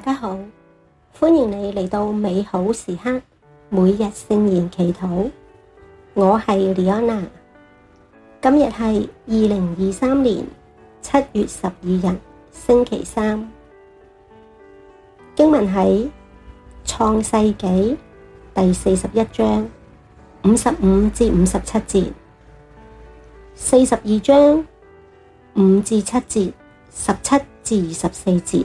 大家好，歡迎你嚟到美好時刻每日聖言祈禱。我係莉安娜，今日係二零二三年七月十二日星期三。經文喺創世紀第四十一章五十五至五十七節，四十二章五至七節，十七至二十四節。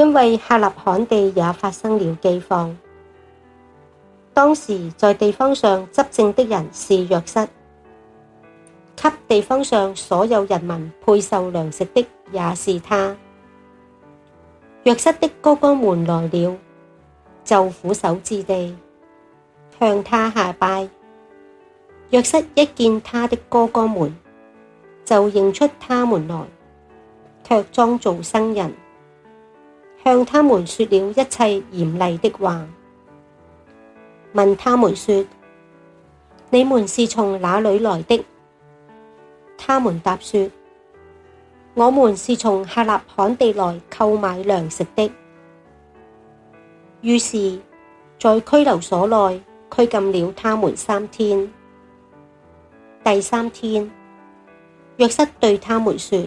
因為客納罕地也發生了饑荒，當時在地方上執政的人是若瑟，給地方上所有人民配售糧食的也是他。若瑟的哥哥們來了，就俯首至地，向他下拜。若瑟一見他的哥哥們，就認出他們來，卻裝做生人。向他們說了一切嚴厲的話，問他們說：你們是從哪裏來的？他們答說：我們是從客納罕地來購買糧食的。於是，在拘留所內拘禁了他們三天。第三天，若瑟對他們說：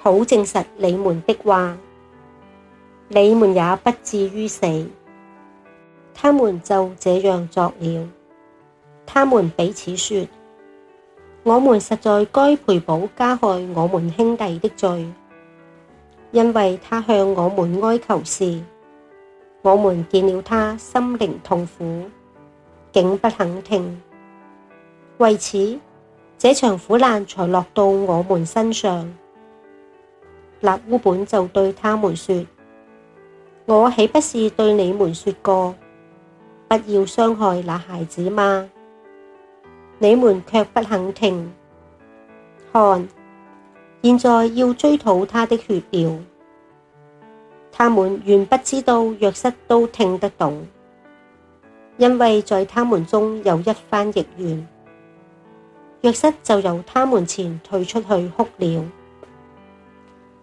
好證實你們的話，你們也不致於死。他們就這樣作了。他們彼此說：我們實在該賠補加害我們兄弟的罪，因為他向我們哀求時，我們見了他心靈痛苦，竟不肯聽。為此，這場苦難才落到我們身上。勒烏本就對他們說：我豈不是對你們說過，不要傷害那孩子嗎？你們卻不肯聽。看，現在要追討他的血了。他們原不知道若瑟都聽得懂，因為在他們中有一翻譯員。若瑟就由他們前退出去哭了。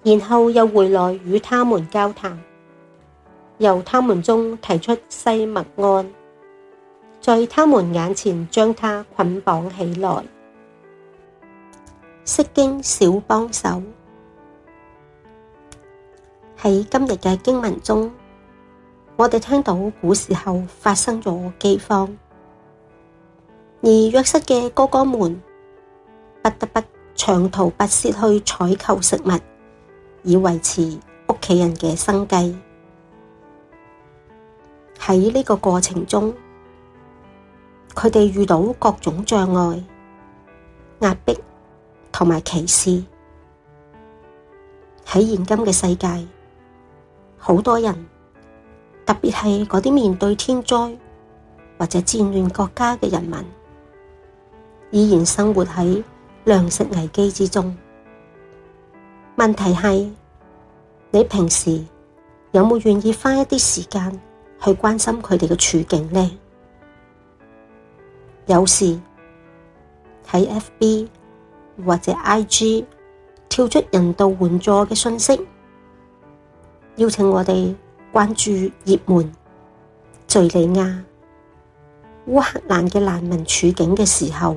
然後又回來與他們交談，由他們中提出西默盎，在他們眼前將他捆綁起來。釋經小幫手，喺今日嘅經文中，我哋聽到古時候發生咗饑荒，而若瑟嘅哥哥們不得不長途跋涉去採購食物。以維持屋企人嘅生計。喺呢個過程中，佢哋遇到各種障礙、壓迫同埋歧視。喺現今嘅世界，好多人，特別係嗰啲面對天災或者戰亂國家嘅人民，依然生活喺糧食危機之中。問題係，你平時有冇願意花一啲時間去關心佢哋嘅處境呢？有時喺 FB 或者 IG 跳出人道援助嘅訊息，邀請我哋關注葉門、敘利亞、烏克蘭嘅難民處境嘅時候，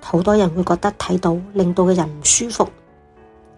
好多人會覺得睇到令到嘅人唔舒服。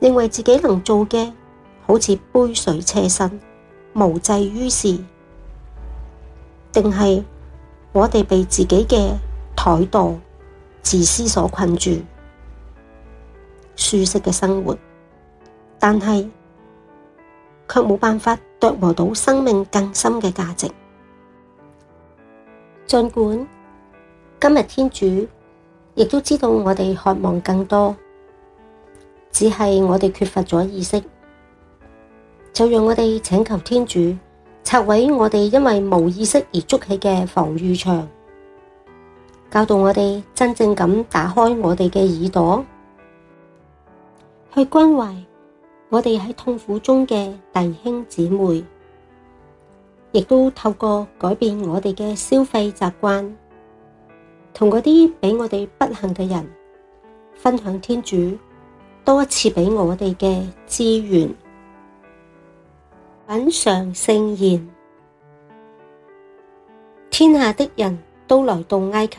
認為自己能做嘅好似杯水車薪，無濟於事，定係我哋被自己嘅怠惰、自私所困住，舒適嘅生活，但係卻冇辦法琢磨到生命更深嘅價值。盡管今日天，天主亦都知道我哋渴望更多。只係我哋缺乏咗意識，就讓我哋請求天主拆毀我哋因為冇意識而築起嘅防禦牆，教導我哋真正咁打開我哋嘅耳朵，去關懷我哋喺痛苦中嘅弟兄姊妹，亦都透過改變我哋嘅消費習慣，同嗰啲比我哋不幸嘅人分享天主。多一次畀我哋嘅資源，品嘗聖言。天下的人都來到埃及，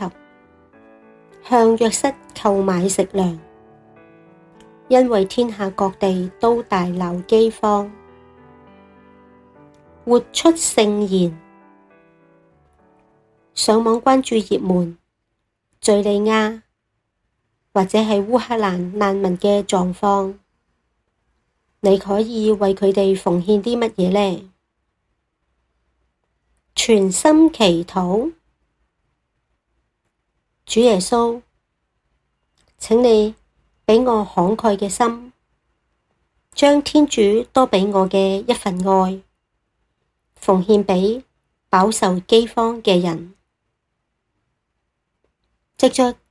向若瑟購買食糧，因為天下各地都大鬧饑荒。活出聖言。上網關注葉門敘利亞。或者係烏克蘭難民嘅狀況，你可以為佢哋奉獻啲乜嘢呢？全心祈禱，主耶穌，請你俾我慷慨嘅心，將天主多俾我嘅一份愛奉獻俾飽受饑荒嘅人，藉着。